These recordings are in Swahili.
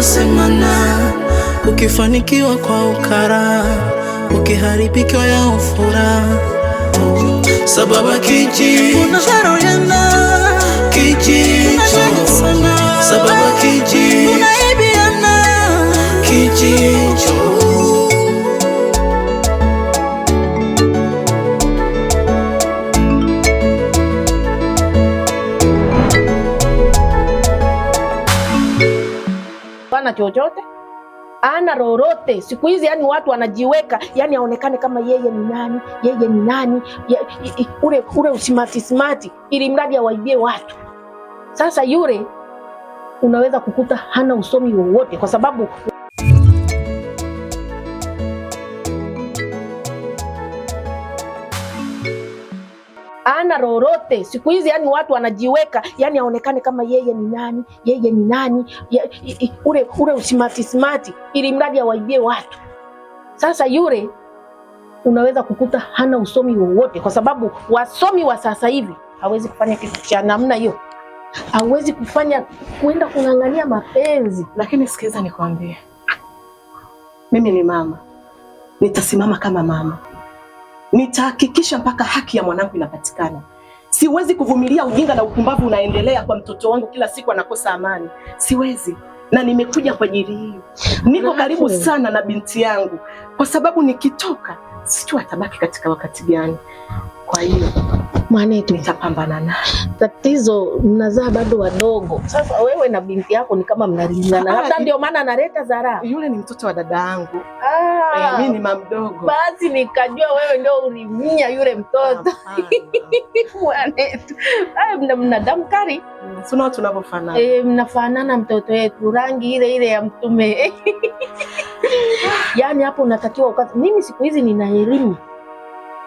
tunayosemana, ukifanikiwa kwa ukara, ukiharibikiwa ya ufura sababa kiji hana chochote, ana lolote siku hizi. Yani watu wanajiweka, yani aonekane kama yeye ni nani, yeye ni nani, ye, ule, ule usimati simati, ili mradi awaibie watu. Sasa yule unaweza kukuta hana usomi wowote kwa sababu ana lolote siku hizi. Yani watu wanajiweka, yani aonekane kama yeye ni nani, yeye ni nani, ye, ule, ule usimati smati, ili mradi awaibie watu. Sasa yule unaweza kukuta hana usomi wowote, kwa sababu wasomi wa sasa hivi hawezi kufanya kitu cha namna hiyo, hawezi kufanya kuenda kung'ang'ania mapenzi. Lakini sikiza nikwambie, mimi ni mama, nitasimama kama mama nitahakikisha mpaka haki ya mwanangu inapatikana. Siwezi kuvumilia ujinga na upumbavu unaendelea kwa mtoto wangu, kila siku anakosa amani. Siwezi na nimekuja kwa ajili hiyo. Niko karibu sana na binti yangu, kwa sababu nikitoka sijui atabaki katika wakati gani. Kwa hiyo mwanetu nitapambana naye. Tatizo mnazaa bado wadogo. Sasa wewe na binti yako ni kama mnalingana, ah, labda ndio maana analeta zara Yule ni mtoto wa dada yangu, ah. eh, mimi ni mama mdogo. Basi nikajua wewe ndio ulimnya yule mtoto mwanetu. Mna mnadamu kali, sio tunavyofanana. Eh, mnafanana mtoto wetu, rangi ile ile ya mtume. Yaani hapo unatakiwa ukati. Mimi siku hizi nina elimu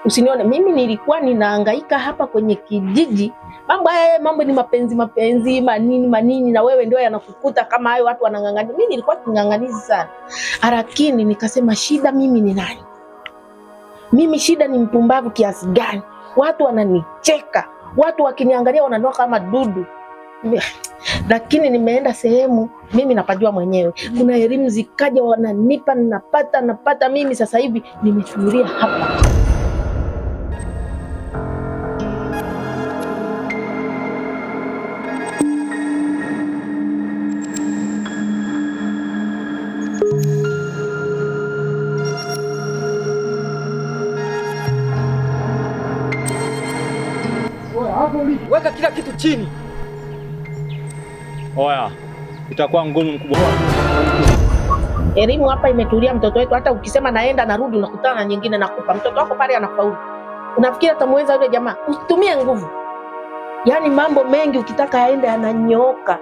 Usinione mimi nilikuwa ninahangaika hapa kwenye kijiji, mambo haya mambo ni mapenzi mapenzi manini manini, na wewe ndio yanakukuta kama hayo, watu wanang'ang'ania. Mimi nilikuwa king'ang'anizi sana, lakini nikasema shida mimi ni nani? Mimi shida ni mpumbavu kiasi gani? Watu wananicheka, watu wakiniangalia wananua kama dudu lakini nimeenda sehemu mimi napajua mwenyewe, kuna elimu zikaja, wananipa ninapata, napata. Mimi sasa hivi nimechukulia hapa chini. Oya, itakuwa ngumu mkubwa. Elimu hapa imetulia, mtoto wetu hata ukisema naenda narudi, unakutana na nyingine nakupa. Mtoto wako pale anafaulu, unafikiri atamweza yule jamaa? Usitumie nguvu, yaani mambo mengi ukitaka aende ananyooka.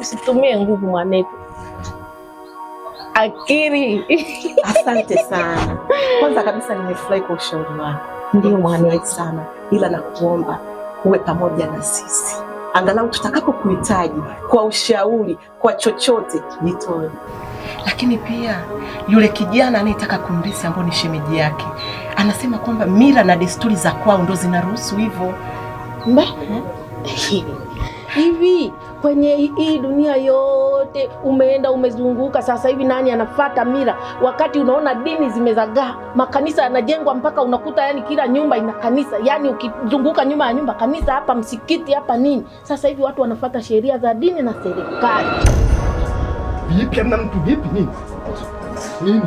Usitumie nguvu mwanetu, akili. Asante sana. Kwanza kabisa nimefurahi kwa ushauri wako, ndio mwanetu sana, ila nakuomba uwe pamoja na sisi angalau tutakapokuhitaji kwa ushauri, kwa chochote, jitoe. Lakini pia yule kijana anayetaka kumrisi ambao ni shemeji yake anasema kwamba mila na desturi za kwao ndo zinaruhusu hivyo hmm? hivi kwenye hii dunia yote umeenda umezunguka, sasa hivi nani anafata mira Wakati unaona dini zimezagaa, makanisa yanajengwa mpaka unakuta yani kila nyumba ina kanisa, yani ukizunguka nyumba ya nyumba kanisa, hapa msikiti, hapa nini. Sasa hivi watu wanafata sheria za dini na serikali. Vipi amna mtu vipi nini nini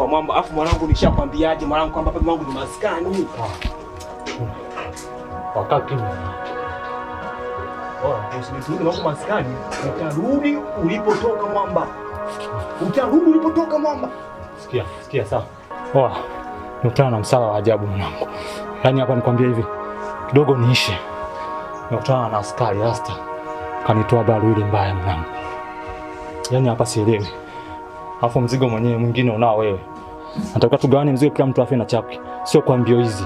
wa mwamba. Afu mwanangu, nishakwambiaje mwanangu kwamba baba wangu ni maskani. Wakati oh, maskani, utarudi ulipotoka mwamba, utarudi ulipotoka mwamba. Sikia, sikia sawa. Poa. Nikutana na msala wa ajabu mwanangu. Yaani hapa nikwambia hivi kidogo niishe, nikutana na askari rasta kanitoa daru ile mbaya mwanangu, yaani hapa sielewi. Alafu mzigo mwenyewe mwingine unao wewe. Nataka tugawane mzigo, kila mtu afe na chake, sio kwa mbio hizi.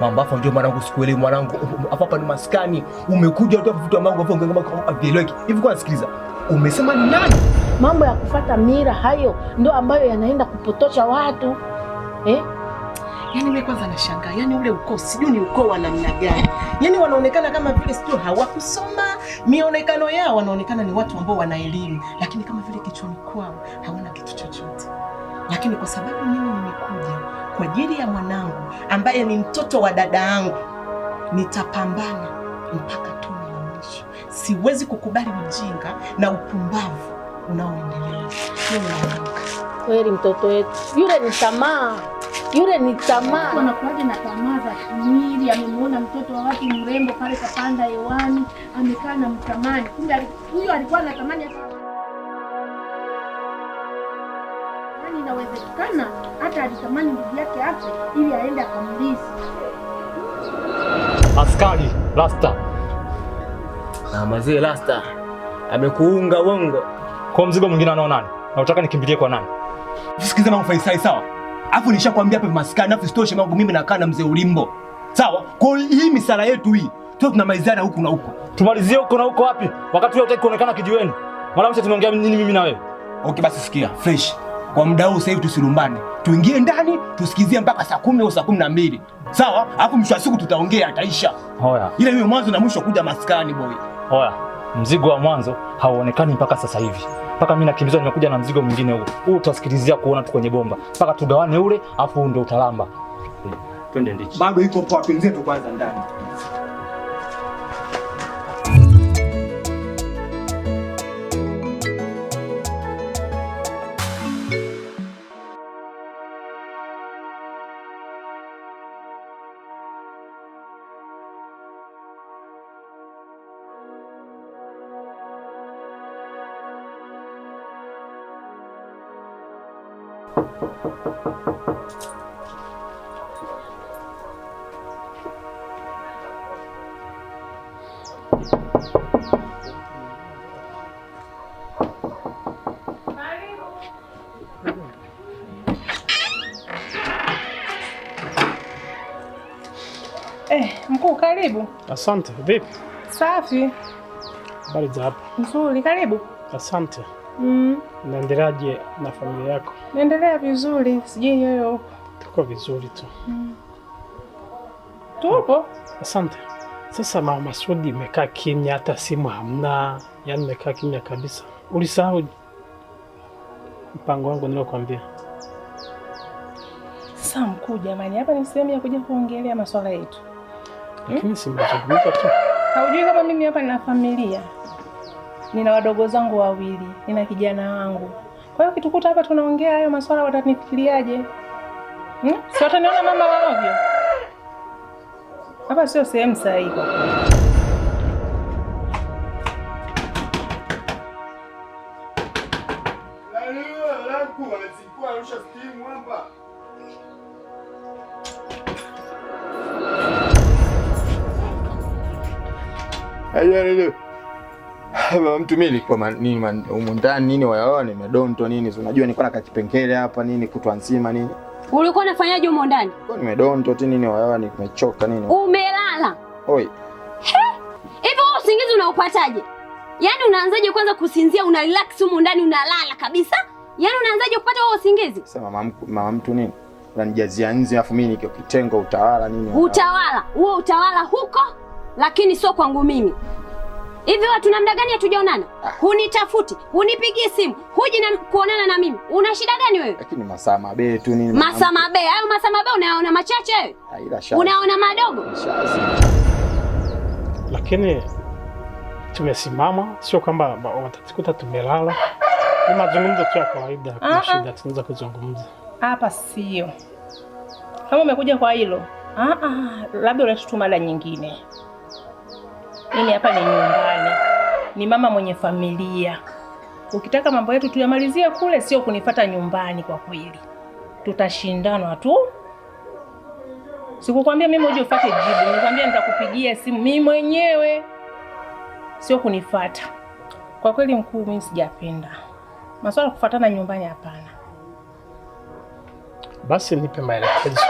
Mambo hapo ndio mwanangu, sikuelewi mwanangu. Hapa hapa ni maskani, umekuja tu vitu mambo hapo ungengema kama avieleweki hivi. Kwa sikiliza, umesema ni nani? Mambo ya kufata mira hayo ndio ambayo yanaenda kupotosha watu eh? Yani mimi kwanza nashangaa, yani ule ukoo sijui ni ukoo wa namna gani? yani wanaonekana kama vile sijui hawakusoma, mionekano yao wanaonekana ni watu ambao wana elimu, lakini kama vile machoni kwao hawana kitu chochote, lakini kwa sababu mimi nimekuja kwa ajili ya mwanangu ambaye ni mtoto wa dada yangu, nitapambana mpaka tone la mwisho. Siwezi kukubali ujinga na upumbavu unaoendelea. Kweli mtoto wetu yule ni tamaa yule ni tamaa. Anakuwaje na tamaa za kimwili? Amemwona mtoto wa watu mrembo pale kapanda hewani, amekaa na mtamani, kumbe huyo alikuwa anatamani hata inawezekana hata alitamani ndugu yake afe ili aende akamlisi. Askari Rasta na mazee Rasta amekuunga wongo kwa mzigo mwingine. Anao nani? Na utaka nikimbilie kwa nani? Sikiza na faisai sawa? Afu nishakwambia hapa maskani, afu sitoshe mangu mimi nakaa na mzee Ulimbo, sawa? Kwa hii misala yetu hii tu tunamalizana huku na huku, tumalizie huko na huko. Wapi wakati wewe hutaki kuonekana kijiweni? Mara mwisho tumeongea nini mimi na wewe? Okay, basi sikia fresh kwa muda huu sasa hivi tusilumbane, tuingie ndani tusikizie mpaka saa kumi au saa kumi na mbili sawa? Alafu mwisho wa siku tutaongea, ataisha hoya. Ile hiyo mwanzo na mwisho kuja maskani boy. Hoya, mzigo wa mwanzo hauonekani mpaka sasa hivi, mpaka mimi nakimbizwa, nimekuja na mzigo mwingine huo huu. Tutasikilizia kuona tu kwenye bomba mpaka tugawane ule, afu ndio utalamba. Twende ndichi, bado iko poa, tuingie tu kwanza ndani. Eh, mkuu karibu. Asante. Vipi? Safi. Habari za hapa? Nzuri, karibu. Asante. Mm. Naendeleaje na familia yako? Naendelea vizuri, sijui yoyo. Tuko vizuri tu. Mm. Tupo. Asante. Sasa Mama Masudi, imekaa kimya, hata simu hamna, yaani imekaa kimya kabisa. Ulisahau mpango wangu niliokuambia? Sasa mkuu, jamani, hapa ni sehemu ya kuja kuongelea masuala yetu lakini simzungumza tu. Haujui kama mimi hapa nina familia, nina wadogo zangu wawili, nina kijana wangu. Kwa hiyo kitukuta hapa tunaongea hayo maswala, watanifikiriaje? Hmm? Si wataniona mama waovyo? Hapa sio sehemu sahihi. mtu mimi nilikuwa nini huko ndani nini wayaone medonto nini, unajua nilikuwa na kakipengele hapa nini kutwa nzima nini. Ulikuwa unafanyaje huko ndani? Kwa nimedonto tu nini wayaone, nimechoka nini. Umelala. Oi. Hivyo usingizi unaupataje? Yaani unaanzaje kwanza kusinzia, una relax huko ndani unalala kabisa? Yaani unaanzaje kupata huo usingizi? Sasa mama mama mtu nini? Unanijazia nzi afu mimi nikitengo utawala nini? Utawala. Huo utawala huko lakini sio kwangu mimi. Hivi watu namna gani hatujaonana? Ah. Hunitafuti, hunipigie simu, huji na kuonana na mimi. Una shida gani wewe? Lakini masaa mabe tu nini? Masaa mabe, hayo masaa mabe unaona machache wewe? Ah, unaona madogo? Lakini tumesimama, sio kwamba watatukuta tumelala. Ni mazungumzo tu ya kawaida, kuna ah, shida tunaweza kuzungumza. Hapa sio. Kama umekuja kwa hilo, ah ah, labda unashutumu mara nyingine ili yaani hapa ni nyumbani, ni mama mwenye familia. Ukitaka mambo yetu tuyamalizie kule, sio kunifata nyumbani. Kwa kweli tutashindana tu. Sikukwambia mimi uje ufate jibu, nikwambia nitakupigia simu mimi mwenyewe, sio kunifata. Kwa kweli mkuu, mimi sijapenda masuala kufatana nyumbani, hapana. Basi nipe maelekezo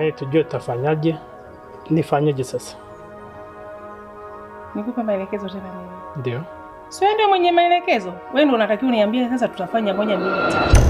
ili tujue tafanyaje, nifanyaje sasa Nikupe maelekezo tena mimi. Ndio. Sio ndio mwenye maelekezo? Wewe ndio unatakiwa uniambie sasa tutafanya moja mbili tatu.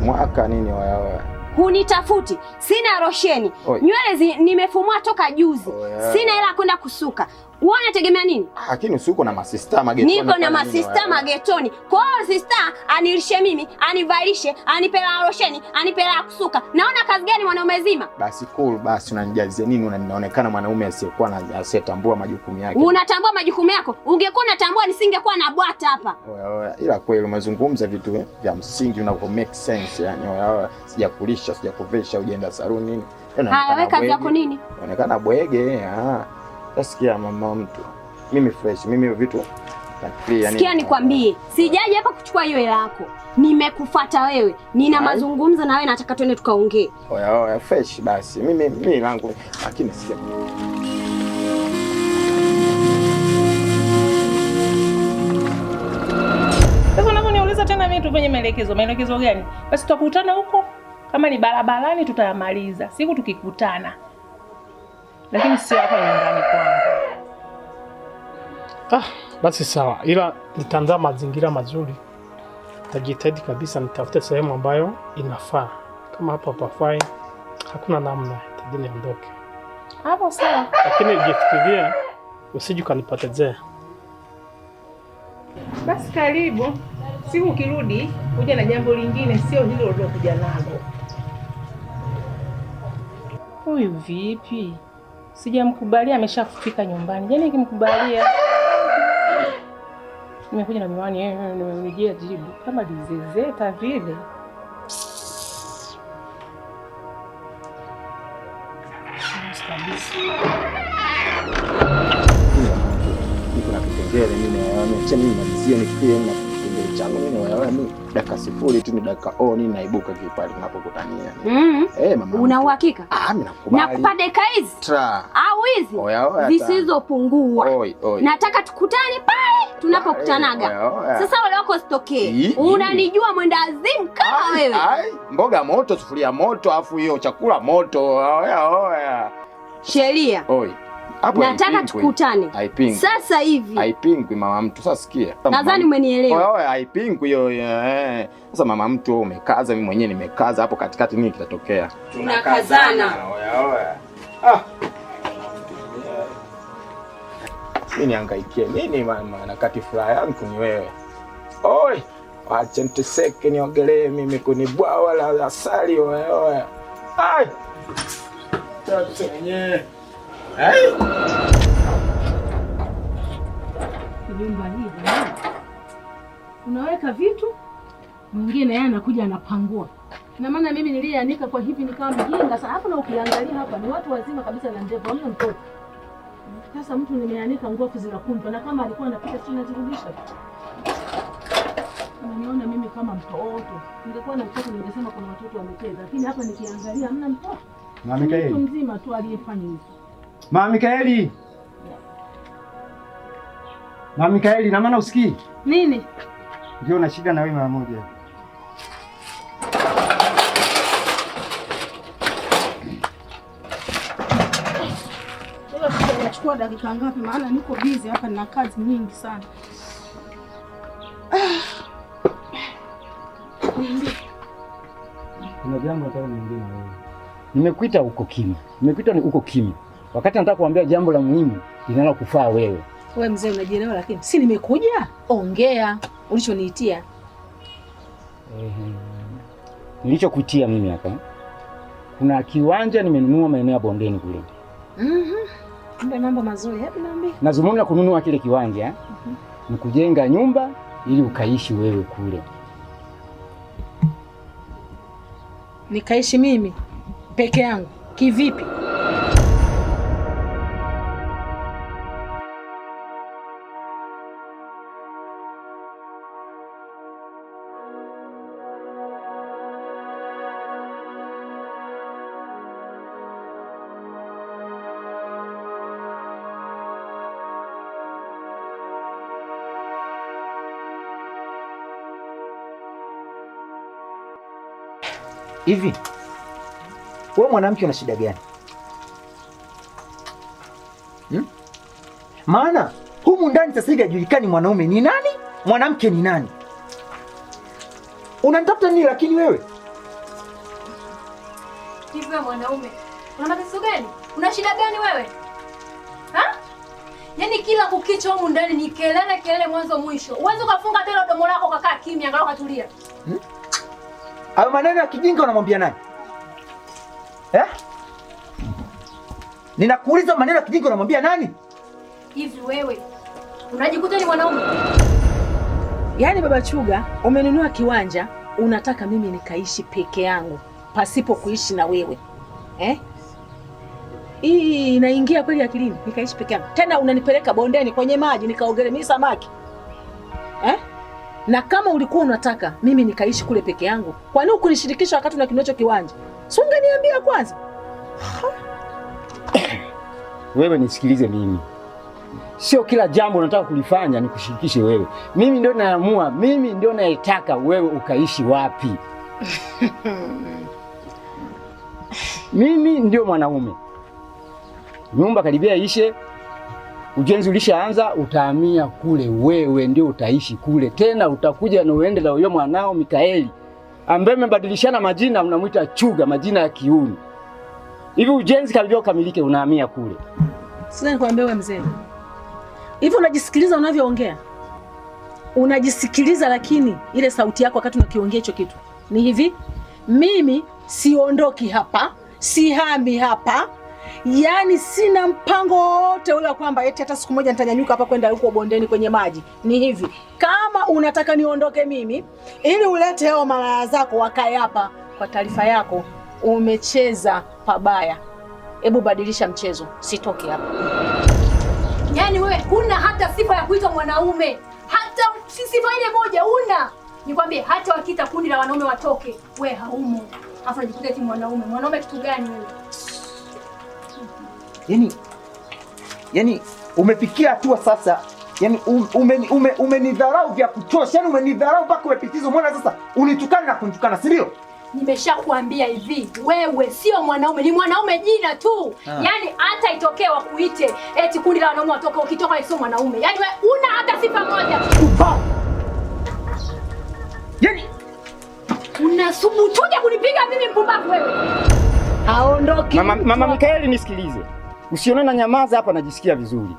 Mwaka nini wewe? Hunitafuti, sina rosheni. Nywele nimefumua toka juzi. Sina hela kwenda kusuka. Wewe unategemea nini? Lakini si na masista magetoni. Niko na masista magetoni. Kwa hiyo sista anilishe mimi, anivalishe, anipela arosheni, anipela kusuka. Naona kazi gani mwanaume zima? Basi cool, basi unanijazia nini? Unaonekana mwanaume asiyekuwa na asiyetambua majukumu yake. Unatambua majukumu yako? Ungekuwa unatambua nisingekuwa na bwata hapa. Ila kweli umezungumza vitu eh, vya msingi unavyo make sense yani. sijakulisha, sijakuvesha, hujaenda saluni nini. Haya, weka kazi yako nini? Unaonekana bwege. Ah. Sikia mama mtu, mimi fresh, mimi vitu Sikia nikwambie, sijaje hapa kuchukua hiyo hela yako. Nimekufuata wewe, nina mazungumzo na wewe, nataka twende tukaongee. Oya oya, fresh basi. Mimi mimi langu lakini sikia. Sasa unaniuliza tena mimi tu kwenye maelekezo. Maelekezo gani? Basi tutakutana huko, kama ni barabarani tutayamaliza. Siku tukikutana lakini sio hapa nyumbani kwangu. Ah, basi sawa, ila nitaandaa mazingira mazuri, nitajitahidi kabisa, nitafute sehemu ambayo inafaa. Kama hapa pafai, hakuna namna, itabidi niondoke hapo. Sawa, lakini ujifikirie, usije ukanipotezea. Basi karibu, siku ukirudi kuja na jambo lingine, sio hilo uliokuja nalo. Huyu vipi? Sijamkubalia, ameshafika nyumbani. Yaani nikimkubalia nimekuja na miwani eh, eh, nimejia jibu kama lizezeta vile. Kuna kipengele mimi naona, acha mimi nimalizie changu mimi wala mimi dakika sifuri tu ni dakika oh, ni naibuka kipali tunapokutania. Mm. Mm-hmm. Eh, hey, mama. Una uhakika? Ah, mimi nakubali. Nakupa dakika hizi. Tra. Au hizi? Zisizopungua. Nataka tukutane pale tunapokutanaga. Sasa wale wako sitokee. Unanijua mwenda azimu kama wewe. Ai, mboga moto, sufuria moto, afu hiyo chakula moto. Oya oya. Sheria. Oi. Hapo nataka tukutane sasa hivi. Haipingwi mama mtu. Sasa sikia, nadhani umenielewa. Oe, haipingwi hiyo. Eh, eh. Sasa mama mtu wewe umekaza, mimi mwenyewe nimekaza. Hapo katikati nini kitatokea? Tunakazana. Oya oya. Ah. Mimi niangaikie nini mama, nakati furaha yangu ni wewe. Oi, acha niteseke niogelee mimi kuni bwawa la asali. Oya oya. Ai. Tatu Kijomba hii unaweka vitu mwingine, yeye anakuja anapangua. Na maana mimi nilianika kwa hivi nikawa mjinga sasa. Hapo na ukiangalia hapa ni watu wazima kabisa na ndevu, hamna mtoto. Sasa mtu nimeanika nguo kuzirakunjwa, na kama alikuwa anapita chini nazirudisha. Unaniona mimi kama mtoto, ningekuwa na mtoto ningesema kuna watoto wamecheza, lakini hapa nikiangalia hamna mtoto, mtu mzima tu aliyefanya hivyo. Mama Mikaeli. Mama Mikaeli, na maana usikii? Nini? Ndio na shida na wewe mara moja. Nachukua dakika ngapi? Maana niko busy hapa na kazi nyingi sana. Kuna jambo nataka niongee na wewe. Nimekuita uko kimya. Nimekuita ni uko kimya wakati nataka kuambia jambo la muhimu linalo kufaa wewe. Wewe mzee unajielewa, lakini si nimekuja ongea ulichoniitia. Eh, nilichokuitia mimi hapa, kuna kiwanja nimenunua maeneo ya bondeni kule. Kumbe mhm. mambo mazuri. Hebu niambie, na kununua kile kiwanja mm -hmm. ni kujenga nyumba ili ukaishi wewe kule. Nikaishi mimi peke yangu kivipi? Hivi wewe mwanamke una shida gani hmm? Maana humu ndani sasa hivi hajulikani mwanaume ni nani, mwanamke ni nani. Unanitafuta nini lakini wewe? wewe mwanaume una matatizo gani? Una shida gani wewe ha? Yaani kila kukicha humu ndani ni kelele kelele, mwanzo mwisho. uwezi ukafunga tena domo lako kakaa kimya, angalau katulia. hmm? Hayo maneno ya kijinga unamwambia nani eh? Ninakuuliza, maneno ya kijinga unamwambia nani? Hivi wewe unajikuta ni mwanaume? Yaani baba Chuga, umenunua kiwanja unataka mimi nikaishi peke yangu pasipo kuishi na wewe eh? Hii inaingia kweli akilini? Nikaishi peke yangu tena unanipeleka bondeni kwenye maji nikaogelee mimi samaki? Na kama ulikuwa unataka mimi nikaishi kule peke yangu, kwa nini ukunishirikisha wakati una kinacho kiwanja? Si ungeniambia kwanza. Wewe nisikilize mimi, sio kila jambo unataka kulifanya nikushirikishe wewe. Mimi ndio naamua, mimi ndio naitaka wewe ukaishi wapi. Mimi ndio mwanaume, nyumba karibia ishe ujenzi ulishaanza, utahamia kule, wewe ndio utaishi kule tena, utakuja na uende na huyo mwanao Mikaeli ambaye mmebadilishana majina, unamwita Chuga, majina ya kiuni hivi. Ujenzi karibia ukamilike, unahamia kule. Sasa nikwambia wewe mzee, hivi unajisikiliza unavyoongea? Unajisikiliza, lakini ile sauti yako wakati unakiongea hicho kitu ni hivi, mimi siondoki hapa, sihami hapa Yaani sina mpango wowote ule kwamba eti hata siku moja nitanyanyuka hapa kwenda huko bondeni kwenye maji. Ni hivi, kama unataka niondoke mimi ili ulete hao malaya zako wakae hapa, kwa taarifa yako umecheza pabaya. Hebu badilisha mchezo, sitoke hapa. Yaani wewe huna hata sifa ya kuitwa mwanaume, hata sifa ile moja una. Nikwambie, hata wakita kundi la wanaume watoke, we haumo. Afu najikuta eti mwanaume. Mwanaume kitu gani wewe? yani, yani umefikia hatua sasa yani um, umenidharau ume, ume, ume vya kutosha yani umenidharau mpaka umepitiza. Umeona sasa, unitukana na kunitukana, si ndio? Nimeshakwambia hivi, wewe sio mwanaume, ni mwanaume jina tu ha. Ah. Yani hata itokee wakuite eti kundi la wanaume watoka, ukitoka sio mwanaume. Yani wewe una hata sifa moja, yani unasubutuje kunipiga mimi mpumbavu wewe. Aondoke mama, mama Mikaeli, nisikilize Usione na nyamaza hapa, najisikia vizuri.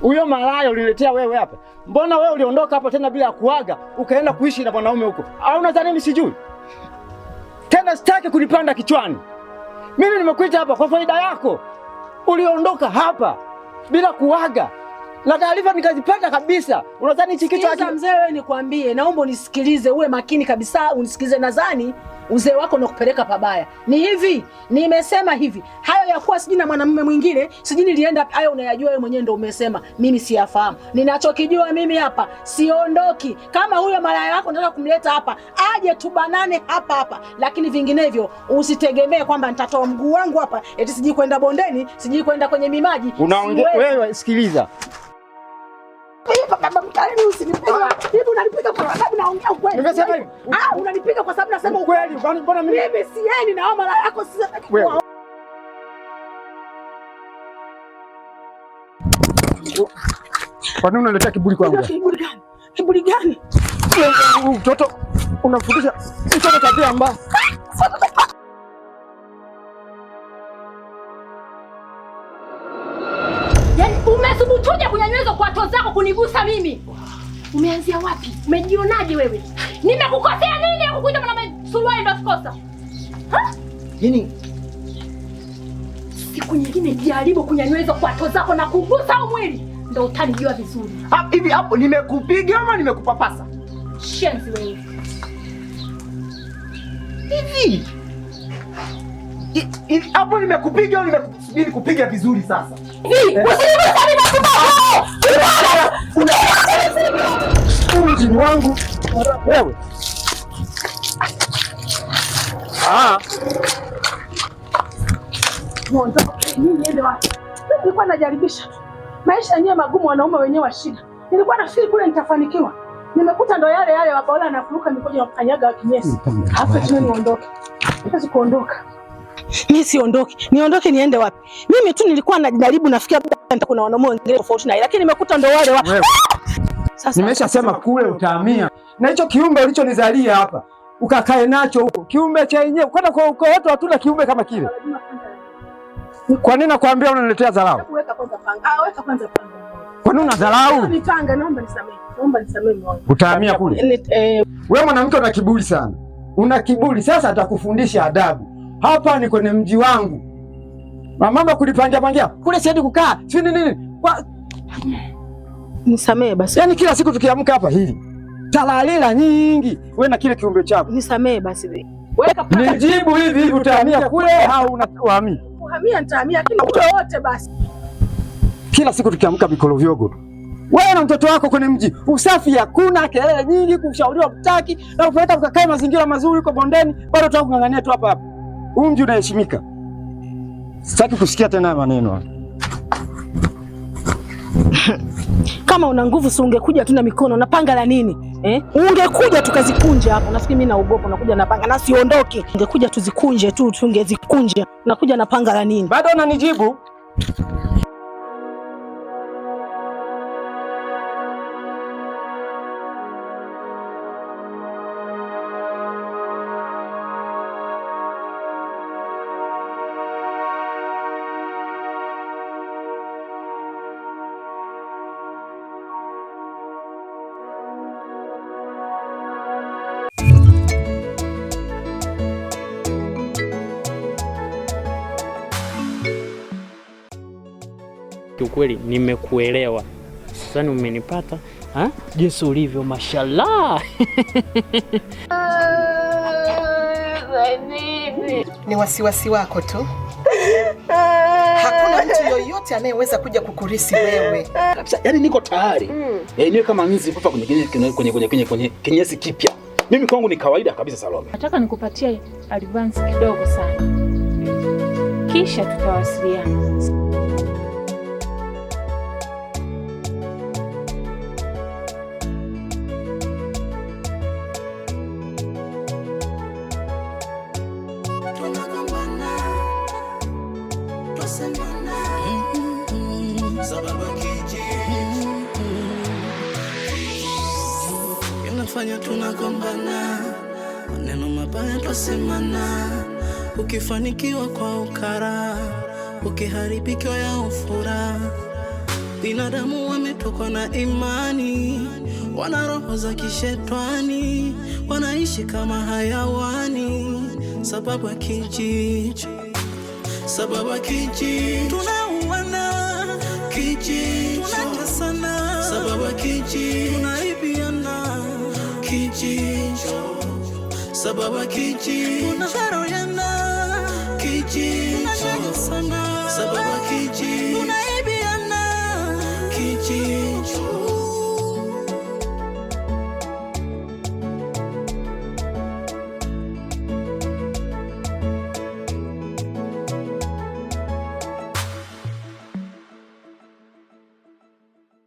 Huyo malaya uliletea wewe hapa, mbona wewe uliondoka hapa tena bila ya kuaga ukaenda kuishi na mwanaume huko? Au unadhani mimi sijui? Tena sitaki kunipanda kichwani. Mimi nimekuita hapa kwa faida yako. Uliondoka hapa bila kuaga na taarifa nikazipata kabisa. Unadhani hichi kichwa mzee? Wewe nikwambie, naomba unisikilize, uwe makini kabisa, unisikilize. Nadhani uzee wako unakupeleka pabaya. Ni hivi, nimesema hivi. Hayo ya kuwa sijui na mwanamume mwingine sijui nilienda, hayo unayajua wewe mwenyewe, ndio umesema, mimi siyafahamu. Ninachokijua mimi hapa, siondoki. Kama huyo malaya wako nataka kumleta hapa, aje tubanane hapa hapa, lakini vinginevyo usitegemee kwamba nitatoa mguu wangu hapa eti sijui kwenda bondeni, sijui kwenda kwenye mimaji. Unaongea wewe, sikiliza Ah, unanipiga kwa sababu nasema ukweli. Mbona mimi na mara yako sitaki kuwa. Kwa nini unaletea kiburi kwangu? Kiburi gani? Kiburi gani? Mtoto unafundisha mtoto tabia mbaya. Ah, Thubutuja kunyanyuliza kwato zako kunigusa mimi. Umeanzia wapi? Umejionaje wewe? Nimekukosea nini kukuita mwana suruali ndo sikosa? Yaani siku nyingine jaribu kunyanyuliza kwato zako na kugusa au mwili ndio utanijua vizuri. Hivi hapo nimekupiga ama nimekupapasa? Shenzi wewe. Hivi hapo nimekupiga au nimekupiga vizuri sasa? Mjini wangu wewe, nilikuwa najaribisha maisha yenyewe magumu, wanaume wenyewe wa shida. Nilikuwa nafikiri kule nitafanikiwa, nimekuta ndo yale yale, wapaola anafuruka mikoja, wakanyaga wakinyesi. Afu tu niondoke, siwezi kuondoka mimi siondoki, niondoke niende wapi? Mimi tu nilikuwa najaribu, nafikia kuna wanaume wengine tofauti naye, lakini nimekuta ndo wale wapi. Sasa nimeshasema kule utahamia na hicho kiumbe ulichonizalia hapa ukakae nacho huko, kiumbe yenyewe kwenda kwa uko wetu hatuna kiumbe kama kile. Kwa nini nakwambia unaniletea dharau? Ah, kwa nini una dharau? Utahamia kule. Eh, Wewe mwanamke una kiburi sana, una kiburi. Sasa atakufundisha adabu hapa ni kwenye mji wangu, mamamba kulipangia pangia kule, siendi kukaa si nini nini. Nisamee basi. Yaani kila siku tukiamka hapa hili talalila nyingi, we na kile kiumbe chako. Nisamee basi wewe. Nijibu hivi utahamia kule au unahamia? Kuhamia nitahamia, lakini wote basi. Kila siku tukiamka mikolo vyogo wewe na mtoto wako kwenye mji, usafi hakuna, kelele nyingi, kushauriwa mtaki na kupeleka ukakae mazingira mazuri huko bondeni, bado tunakung'ang'ania tu hapa hapa. Huu mji unaheshimika. Sitaki kusikia tena maneno. Kama una nguvu si ungekuja tu na mikono na panga la nini eh? Ungekuja tukazikunja hapo. Nafikiri mimi naogopa, unakuja na panga na siondoke. Ungekuja tuzikunje tu, tungezikunja. Nakuja na panga la nini? Bado unanijibu? kweli nimekuelewa. Sasa umenipata ha? Jinsi ulivyo mashallah. Ni wasiwasi wako tu. Hakuna mtu yoyote anayeweza kuja kukurisi wewe. Kabisa, yani niko tayari mm. Eh, niwe kama nzi papa kwenye kinyesi kipya, mimi kwangu ni kawaida kabisa. Salome, nataka nikupatie advance kidogo sana, kisha tutawasiliana. nawe semana, ukifanikiwa kwa ukara, ukiharibikiwa ya ufura. Binadamu wametokwa na imani, wana roho za kishetwani, wanaishi kama hayawani, sababu ya kijiji, sababu ya kijiji, tunauana kijiji, tunatesana sababu ya kijiji, tunaibi Sababa kijicho unadharauliana, kijicho unanyanyasana